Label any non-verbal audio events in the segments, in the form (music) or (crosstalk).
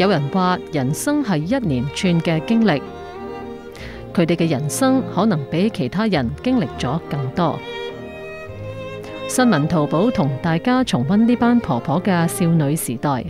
有人話人生係一連串嘅經歷，佢哋嘅人生可能比其他人經歷咗更多。新聞掏寶同大家重溫呢班婆婆嘅少女時代。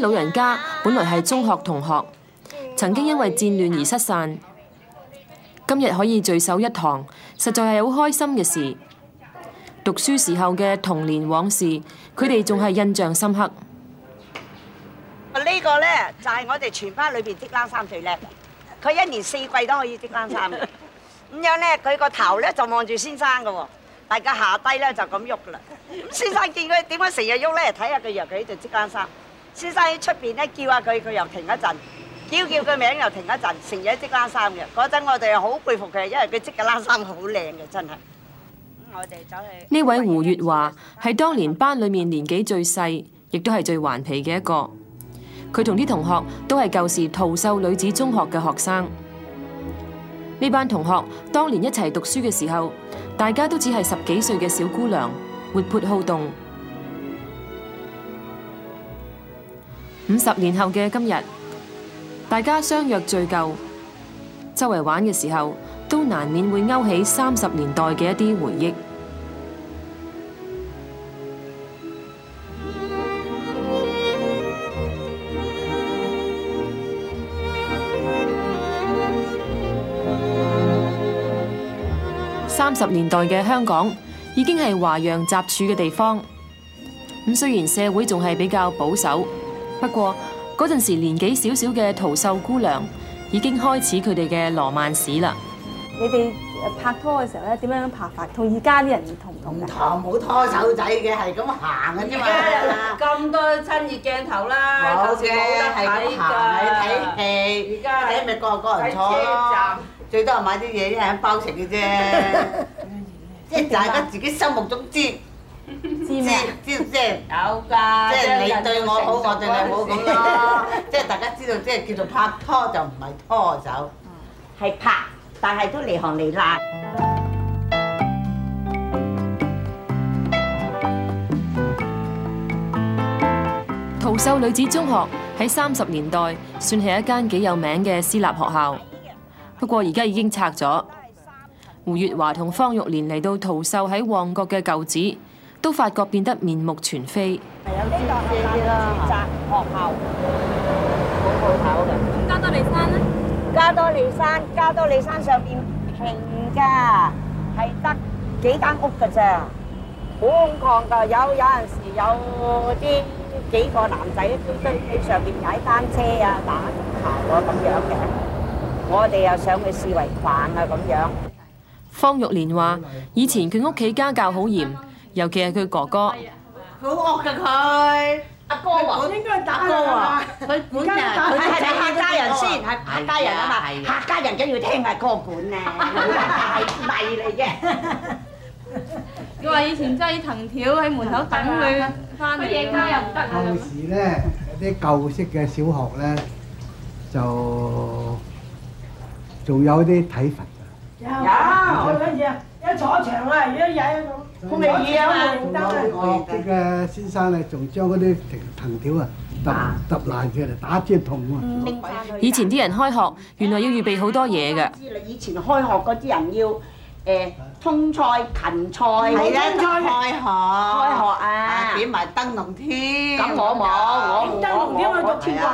老人家本嚟係中學同學，曾經因為戰亂而失散，今日可以聚首一堂，實在係好開心嘅事。讀書時候嘅童年往事，佢哋仲係印象深刻。呢個呢，就係、是、我哋全班裏邊織冷衫最叻，佢一年四季都可以織冷衫嘅。咁樣呢，佢個頭呢就望住先生噶喎，大家下低呢就咁喐噶啦。先生見佢點解成日喐？呢？睇下佢入佢就織冷衫。先生喺出邊咧叫下佢，佢又停一陣，叫叫佢名又停一陣，成日織冷衫嘅。嗰陣我哋好佩服佢，因為佢織嘅冷衫好靚嘅，真係、嗯。我哋走去呢位胡月華係去當年班裏面年紀最細，亦都係最頑皮嘅一個。佢同啲同學都係舊時桃秀女子中學嘅學生。呢班同學當年一齊讀書嘅時候，大家都只係十幾歲嘅小姑娘，活潑好動。五十年後嘅今日，大家相約聚舊，周圍玩嘅時候，都難免會勾起三十年代嘅一啲回憶。三十年代嘅香港已經係華洋雜處嘅地方，咁雖然社會仲係比較保守，不過嗰陣時年紀少少嘅桃秀姑娘已經開始佢哋嘅羅曼史啦。你哋拍拖嘅時候咧，點樣拍法？同而家啲人唔同噶。唔同冇拖手仔嘅，係咁行嘅之嘛。而家有咁多親熱鏡頭啦。冇嘅，係咁行。睇戲，睇咪各人各人坐咯。站最多係買啲嘢，一係包食嘅啫。即係大家自己心目中知。樣知，知，知，知 (laughs) 的即係有㗎，即係你對我好， (laughs) 我對你好咁咯。 (laughs) 即係大家知道，即係叫做拍拖就唔係拖走。係拍， (laughs) 但係都離行離爛。 (laughs) 陶秀女子中學喺三十年代算係一間幾有名嘅私立學校， (laughs) 不過而家已經拆咗。胡月華同方玉蓮嚟到陶秀喺旺角嘅舊址。都發覺變得面目全非。有呢個係負責學校，好好睇嘅。加多利山呢？加多利山，加多利山上邊平噶，係得幾間屋噶咋，好空曠噶。有，有陣時有啲幾個男仔都堆喺上邊踩單車啊、打籃球啊咁樣嘅。我哋又上去四圍逛啊咁樣。方玉蓮話：以前佢屋企家教好嚴。尤其係佢哥哥，佢好惡㗎佢。阿哥喎，應該係搭哥喎。佢官啊，係係客家人先，係客家人，客家人梗要聽下歌管咧。咪嚟嘅。佢話以前擠藤條喺門口等佢翻嚟，夜街又唔得啊？舊時咧，啲舊式嘅小學咧，就仲有啲體罰㗎。有，我嗰陣時啊，一坐長啊，一曳。我未養啊！我哋嘅先生咧，仲將嗰啲藤藤條啊揼揼爛佢嚟打遮痛喎。以前啲人開學，原來要預備好多嘢嘅。知啦，以前開學嗰啲人要誒通菜、芹菜、係啊、開學、開學啊，點埋燈籠添。咁我冇，我我我我啊！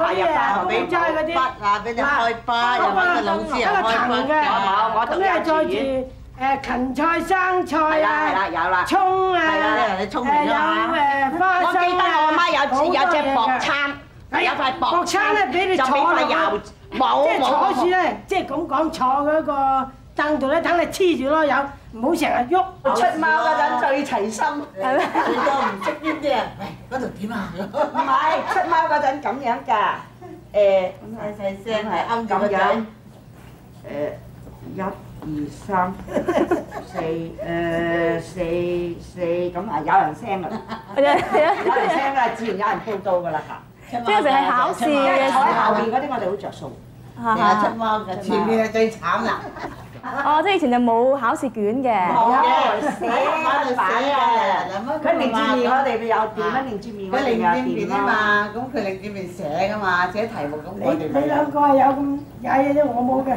我有翻學俾齋嗰啲筆啊，俾啲開筆，俾啲老師開筆，我冇，我讀幼稚園。誒芹菜、生菜啊，葱啊，有誒花生。我記得我阿媽有有隻薄撐，有塊薄撐咧俾你坐。冇冇，即係坐住咧，即係咁講坐嗰個凳度咧，等你黐住咯。有唔好成日喐。出貓嗰陣最齊心。最多唔識呢啲人。嗰度點啊？唔係出貓嗰陣咁樣㗎。誒細細聲，暗住個仔。誒有。二三四誒四四咁啊，有人聲喇，有人聲喇，自然有人報道㗎啦，即係平時考試後面嗰啲我哋好著數，你話出貓嘅前面係最慘啦。哦，即係以前就冇考試卷嘅，冇嘅，寫喺度寫啊，佢零卷面我哋有點啊，零卷面佢有點啊嘛，咁佢零卷面寫㗎嘛，寫題目咁我哋冇。你你兩個係有咁，有一啲我冇嘅。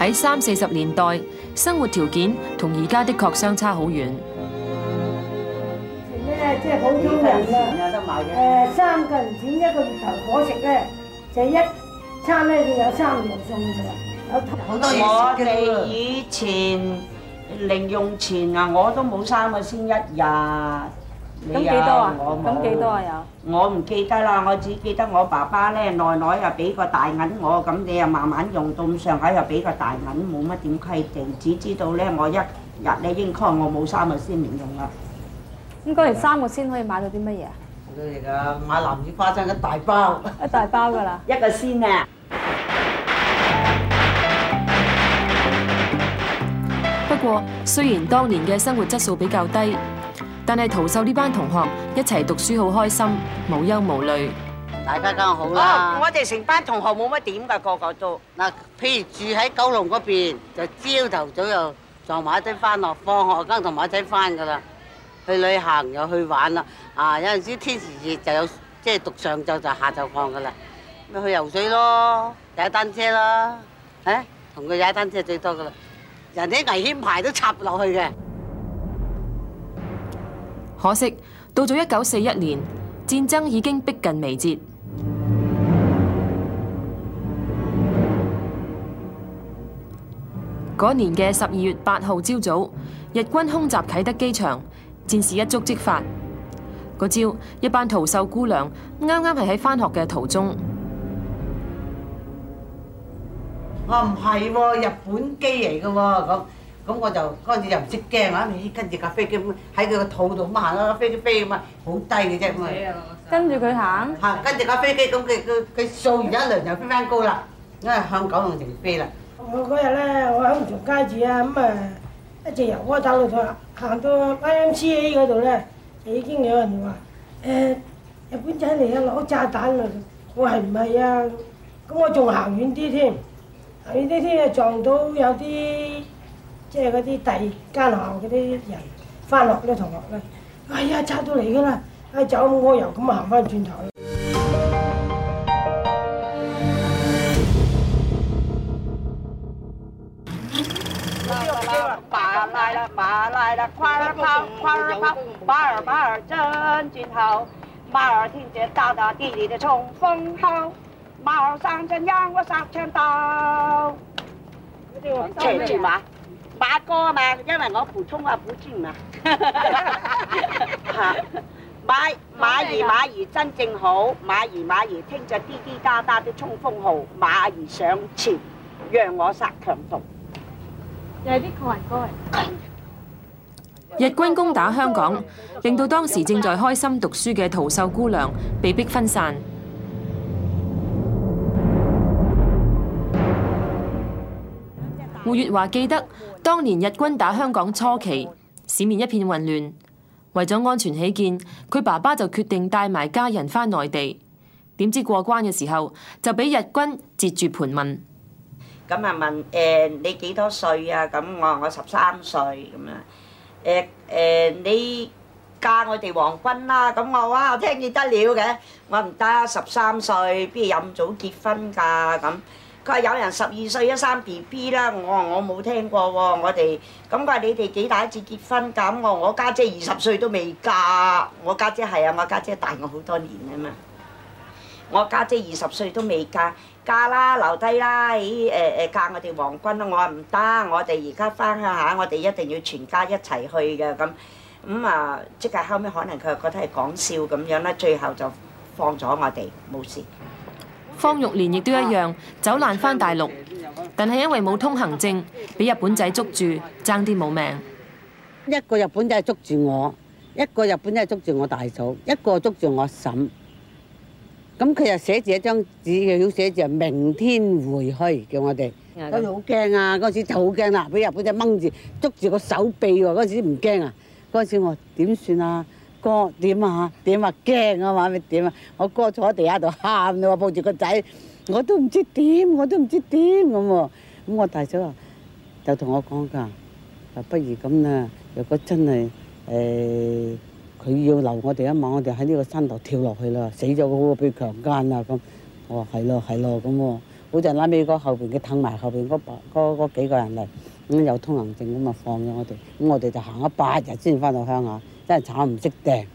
喺三四十年代，生活條件同而家的確相差好遠。即係好驚人啊！誒，三斤錢一個月頭伙食咧，就一餐咧，佢有三樣餸嘅，好多。我哋以前零用錢啊，我都冇三個先一日。咁幾多啊？咁幾多啊？我冇。我唔記得啦，我只記得我爸爸咧，內內又俾個大銀我，咁你又慢慢用，到咁上下又俾個大銀，冇乜點規定，只知道咧我一日咧應該我冇三個先唔用啦。咁嗰個三個先可以買到啲乜嘢啊？好多嘢啊！買藍魚花生一大包。一大包噶啦。一個先啊。不過，雖然當年嘅生活質素比較低。但係陶秀呢班同學一齊讀書好開心，無憂無慮，大家梗係好啦。我哋成班同學冇乜點噶，個個都嗱，譬如住喺九龍嗰邊，就朝頭早又撞埋一隊翻學，放學梗同埋一隊翻噶啦。去旅行又去玩啦，啊有陣時天時熱就有即係讀上晝就下晝放噶啦，咪去游水咯，踩單車啦，吓同佢踩單車最多噶啦，人哋危險牌都插落去嘅。可惜，到咗一九四一年，戰爭已經迫近眉睫。嗰 (noise) 年嘅十二月八號朝早，日軍空襲啟德機場，戰事一觸即發。嗰朝一班淘秀姑娘，啱啱係喺返學嘅途中。我唔係喎，日本機嚟嘅喎。咁我就嗰陣時又唔識驚啊！你跟住架飛機喺佢個肚度咁行咯，飛機飛咁啊，好低嘅啫咁啊，跟住佢行，行跟住架飛機咁，佢佢佢掃完一輪就飛翻高啦，咁啊向九龍城飛啦。我嗰日咧，我喺梧桐街住啊，咁啊一直由開走嚟就行到 IMCA 嗰度咧，就已經有人話誒，日本仔嚟啊，攞炸彈嚟！我係唔係啊？咁我仲行遠啲添，遠啲添啊，撞到有啲～即係嗰啲第二間學校嗰啲人翻落嗰啲同學咧，哎呀，差到嚟噶啦，啊走唔開又咁啊行翻轉頭啦。嚟啦嚟啦！馬來啦馬來啦，快跑快跑！馬兒馬兒真俊俏，馬兒聽見大大地地的衝鋒號，馬兒上陣揚我上前刀。咩叫？騎馬？把歌啊嘛，因為我普通話唔專嘛。馬馬兒馬兒真正好，馬兒馬兒聽著滴滴答答的衝鋒號，馬兒上前讓我殺強盜。又係啲抗日歌。日軍攻打香港，令到當時正在開心讀書嘅逃秀姑娘被逼分散。胡月華記得當年日軍打香港初期，市面一片混亂，為咗安全起見，佢爸爸就決定帶埋家人返內地。點知過關嘅時候就俾日軍截住盤問。咁啊問，誒，你幾多歲啊？咁我我十三歲咁啊。誒誒，你嫁我哋皇軍啦？咁我啊聽見得了嘅。我唔得十三歲，邊有咁早結婚噶咁。佢話有人十二歲一生 B B 啦，我話我冇聽過喎，我哋咁佢話你哋幾大先結婚噶？咁我我家姐二十歲都未嫁，我家姐係啊，我家姐，姐大我好多年啊嘛，我家姐，姐二十歲都未嫁嫁啦留低啦，咦、哎、誒、呃、嫁我哋皇軍咯，我話唔得，我哋而家翻鄉下，我哋一定要全家一齊去嘅咁咁啊！即係後尾可能佢又覺得係講笑咁樣啦，最後就放咗我哋冇事。方玉蓮亦都一樣走難翻大陸，但係因為冇通行證，俾日本仔捉住，爭啲冇命。一個日本仔係捉住我，一個日本仔係捉住我大嫂，一個捉住我嬸。咁佢又寫住一張紙，佢寫住明天回去叫我哋。嗰時好驚啊！嗰時就好驚啦，俾日本仔掹住，捉住個手臂喎。嗰時唔驚啊，嗰時我點算啊？哥點啊？點啊？驚啊！嘛咩點啊？我哥坐喺地下度喊，你話抱住個仔，我都唔知點，我都唔知點咁。咁我大嫂話就同我講㗎，話不如咁啦。如果真係誒佢要留我哋一晚，我哋喺呢個山度跳落去啦，死咗好啊，被強姦啦咁。我話係咯係咯咁喎。嗰陣拉尾個後邊佢揗埋後邊嗰嗰幾個人嚟，咁有通行證咁啊，放咗我哋。咁我哋就行咗八日先翻到鄉下。真係慘，唔識掟。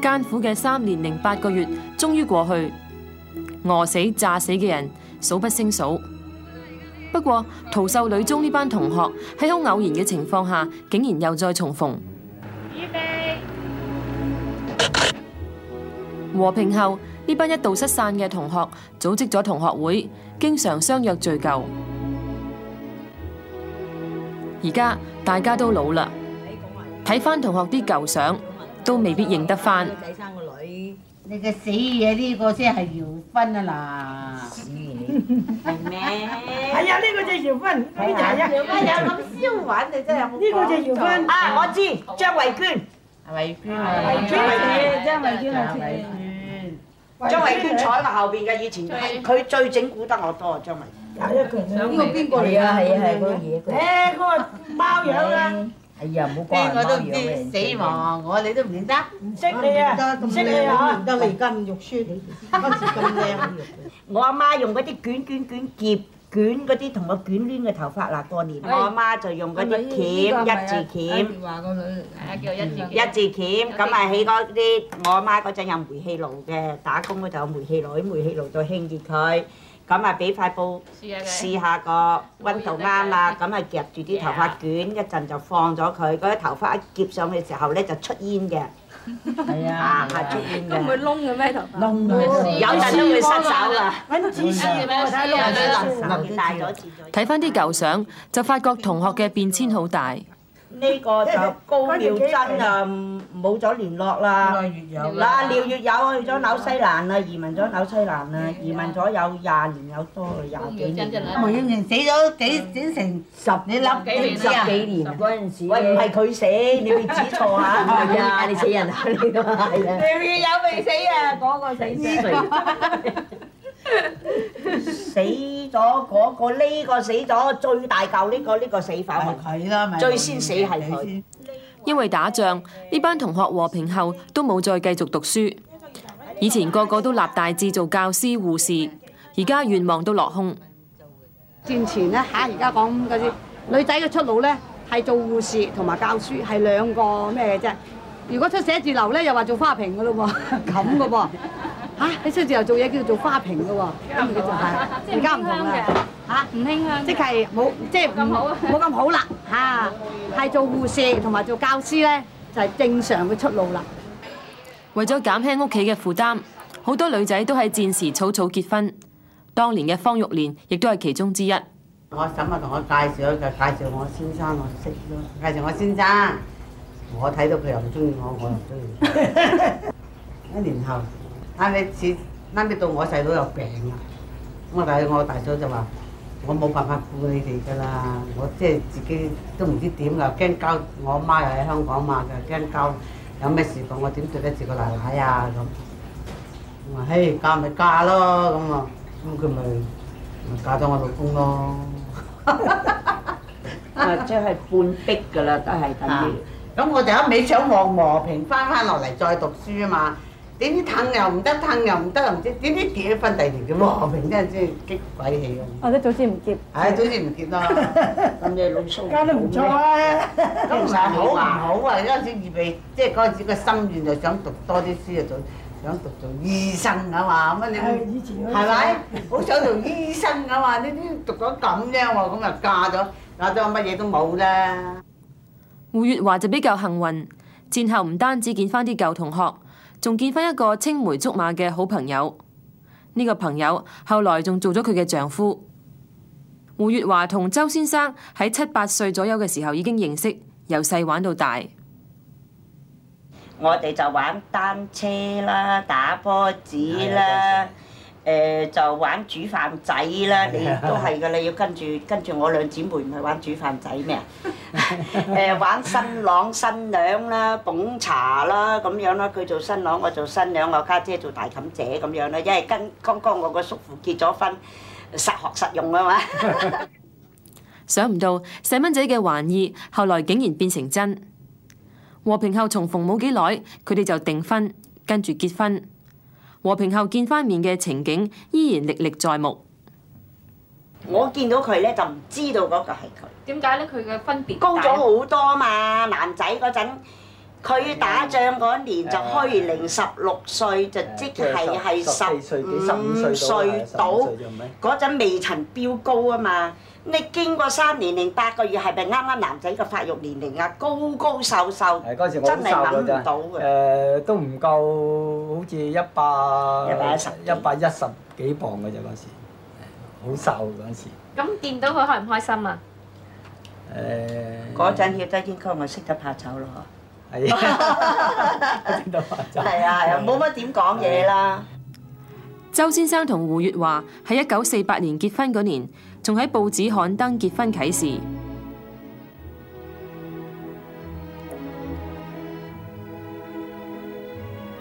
艱苦嘅三年零八個月終於過去，餓死、炸死嘅人數不勝數。不過，逃秀女中呢班同學喺好偶然嘅情況下，竟然又再重逢。和平後，呢班一度失散嘅同學組織咗同學會，經常相約聚舊。而家大家都老啦，睇翻同學啲舊相，都未必認得翻。個女，你個死嘢，呢個先係姚芬啊嗱！係咩？係啊，呢個就姚坤，呢就係啊。有咁燒玩你真係，呢個就姚坤。啊，我知，張惠娟，係咪？惠娟，張惠娟，張惠娟係前。張惠娟，張惠娟坐喺我後邊嘅，以前佢最整蠱得我多啊，張惠娟。啊，兩個，呢個邊個嚟啊？係啊，係嗰個嘢。誒，嗰個貓樣啦。啲我都啲死話，我你都唔認得，唔識你啊，唔得咁靚，唔得你而家咁肉酸，開咁靚。我阿媽用嗰啲卷卷捲結捲嗰啲同我捲攣嘅頭髮，嗱過年，我阿媽就用嗰啲鉗，一字鉗。一字鉗咁咪起啲？我阿媽嗰陣有煤氣爐嘅，打工嗰度有煤氣爐，煤氣爐度興熱佢。咁啊，俾塊布試下個溫度啱啦，咁啊夾住啲頭髮捲，一陣就放咗佢。嗰啲頭髮一夾上去時候咧，就出煙嘅，係呀 (laughs) 出煙嘅。都唔會窿嘅咩頭髮？燙不不有陣都會失手啦。睇翻啲舊相，就發覺同學嘅變遷好大。呢個就高妙真啊，冇咗聯絡啦。嗱，廖月友去咗紐西蘭啦，移民咗紐西蘭啦，移民咗有廿年有多啦，廿幾年。梅豔芳死咗幾幾成十？你諗十幾年？嗰陣時喂，唔係佢死，你要指錯啊？係啊，你死人啊？你咁啊廖月友未死啊，嗰個死咗。 (laughs) 死咗嗰、那個呢、這個死咗最大舊呢、這個呢、這個死法係佢啦，最先死係佢。 (laughs) 因為打仗呢 (laughs) 班同學和平後都冇再繼續讀書，以前個個都立大志做教師、護士，而家願望都落空。戰前呢，吓，而家講嗰啲女仔嘅出路呢，係做護士同埋教書，係兩個咩嘅啫？如果出寫字樓呢，又話做花瓶噶咯喎，咁噶噃。 (laughs) 嚇！喺出之後做嘢叫做做花瓶嘅喎，咁佢就係而家唔同啦。嚇！唔興啦，即係冇，即係唔冇咁好啦。嚇！係做護士同埋做教師咧，就係正常嘅出路啦。為咗減輕屋企嘅負擔，好多女仔都係戰時草草結婚。當年嘅方玉蓮亦都係其中之一。我嬸啊，同我介紹，一個介紹我先生，我識咗。介紹我先生，我睇到佢又唔中意我，我又唔中意佢。一年後。啊！你似，嗱你到我細佬有病啦，咁啊但我大嫂就話：我冇辦法顧你哋㗎啦，我即係自己都唔知點啦，驚交我媽又喺香港嘛，就驚交有咩事咁，我點對得住個奶奶啊咁？我話嘿，嫁咪嫁咯咁啊，咁佢咪嫁咗我老公咯。 (laughs) 啊，即係半逼㗎啦，都係咁樣。咁我哋一味想望和平翻翻落嚟再讀書啊嘛。點知氹又唔得，氹又唔得又唔知點，知結咗婚第二年就和平，真係先激鬼氣咁。我哋總之唔結。唉，總之唔結啦。咁你老蘇。嫁得唔錯啊？咁唔係好還好啊！嗰陣時預備即係嗰陣時個心願就想讀多啲書，就想讀做醫生啊嘛。咁你以前，係咪？好想做醫生啊嘛？你啲讀咗咁樣喎，咁又嫁咗，嫁咗乜嘢都冇啦。胡月華就比較幸運，戰後唔單止見翻啲舊同學。仲見翻一個青梅竹馬嘅好朋友，呢個朋友後來仲做咗佢嘅丈夫。胡月華同周先生喺七八歲左右嘅時候已經認識，由細玩到大。我哋就玩單車啦，打波子啦。 (music) 誒就玩煮飯仔啦，你都係噶啦，你要跟住跟住我兩姊妹咪玩煮飯仔咩啊？誒玩新郎新娘啦，捧茶啦，咁樣啦，佢做新郎，我做新娘，我家姐做大妗姐咁樣啦，因為跟剛剛我個叔父結咗婚，實學實用啊嘛。想唔到細蚊仔嘅玩意，後來竟然變成真。和平後重逢冇幾耐，佢哋就訂婚，跟住結婚。和平後見返面嘅情景依然歷歷在目。我見到佢咧就唔知道嗰個係佢，點解咧？佢嘅分別高咗好多嘛。為男仔嗰陣，佢打仗嗰年、嗯、就開年零十六歲，嗯、就即係係十五歲到嗰陣未曾飆高啊嘛。你經過三年零八個月，係咪啱啱男仔嘅發育年齡啊？高高瘦瘦，真係諗唔到嘅。誒，都唔夠，好似一百一百一十幾磅嘅啫，嗰時好瘦嗰時。咁見到佢開唔開心啊？誒，嗰陣要低健康，咪識得怕醜咯，嗬。係。見啊係啊，冇乜點講嘢啦。周先生同胡月華喺一九四八年結婚嗰年。仲喺報紙刊登結婚啟事。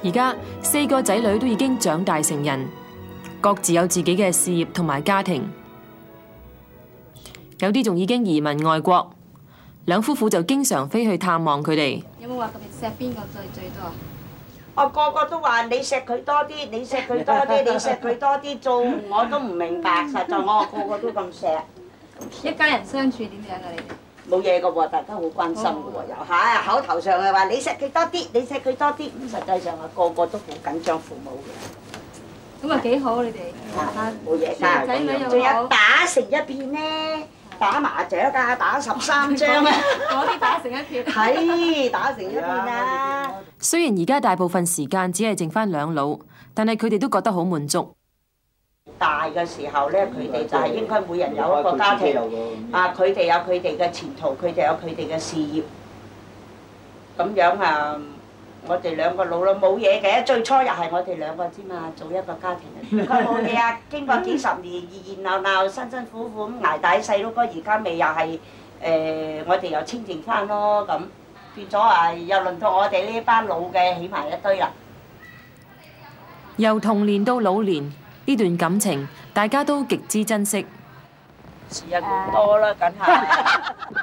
而家四個仔女都已經長大成人，各自有自己嘅事業同埋家庭，有啲仲已經移民外國，兩夫婦就經常飛去探望佢哋。有冇話特別錫邊個最最多？我個個都話你錫佢多啲，你錫佢多啲，你錫佢多啲做，我都唔明白。實在我，我個個都咁錫，一家人相處點樣啊？你冇嘢㗎喎，大家好關心㗎喎又，係好、哎、口頭上係話你錫佢多啲，你錫佢多啲，咁實際上啊個個都好緊張父母嘅，咁啊幾好你哋，冇嘢㗎仔女仲有打成一片咧。打麻雀㗎，打十三張啊！嗰啲 (laughs) (laughs) 打成一片，啊，係打成一片啦。雖然而家大部分時間只係剩翻兩老，但係佢哋都覺得好滿足。大嘅時候咧，佢哋就係應該每人有一個家庭啊！佢哋有佢哋嘅前途，佢哋有佢哋嘅事業，咁樣啊。我哋兩個老啦，冇嘢嘅。最初又係我哋兩個之嘛，做一個家庭。佢冇嘢啊，經過幾十年熱熱鬧鬧、辛辛苦苦咁捱大，細佬哥而家咪又係誒，我哋又清淨翻咯，咁變咗啊，又輪到我哋呢班老嘅起埋一堆喇。由童年到老年，呢段感情大家都極之珍惜。時日咁多啦，梗係。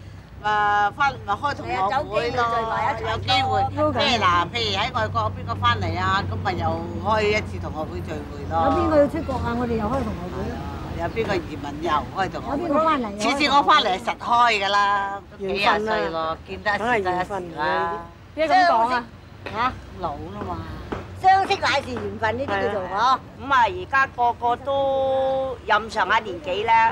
誒，翻咪開同學會咯，有機會咩嗱？譬如喺外國，邊個翻嚟啊？咁咪又開一次同學會聚會咯。有邊個要出國啊？我哋又開同學會。有邊個移民又開同學會？有邊個翻嚟啊？次次我翻嚟係實開噶啦，幾廿歲咯，咁係緣分啦。邊個咁講啊？吓？老啦嘛。相識乃是緣分，呢啲叫做嗬。咁啊，而家個個都任上下年紀咧。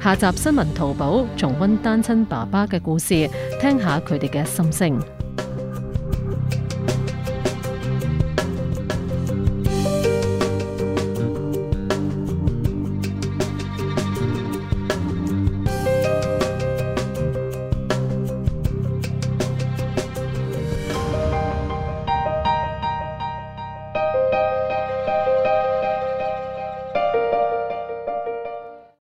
下集新聞淘寶重温單親爸爸嘅故事，聽下佢哋嘅心聲。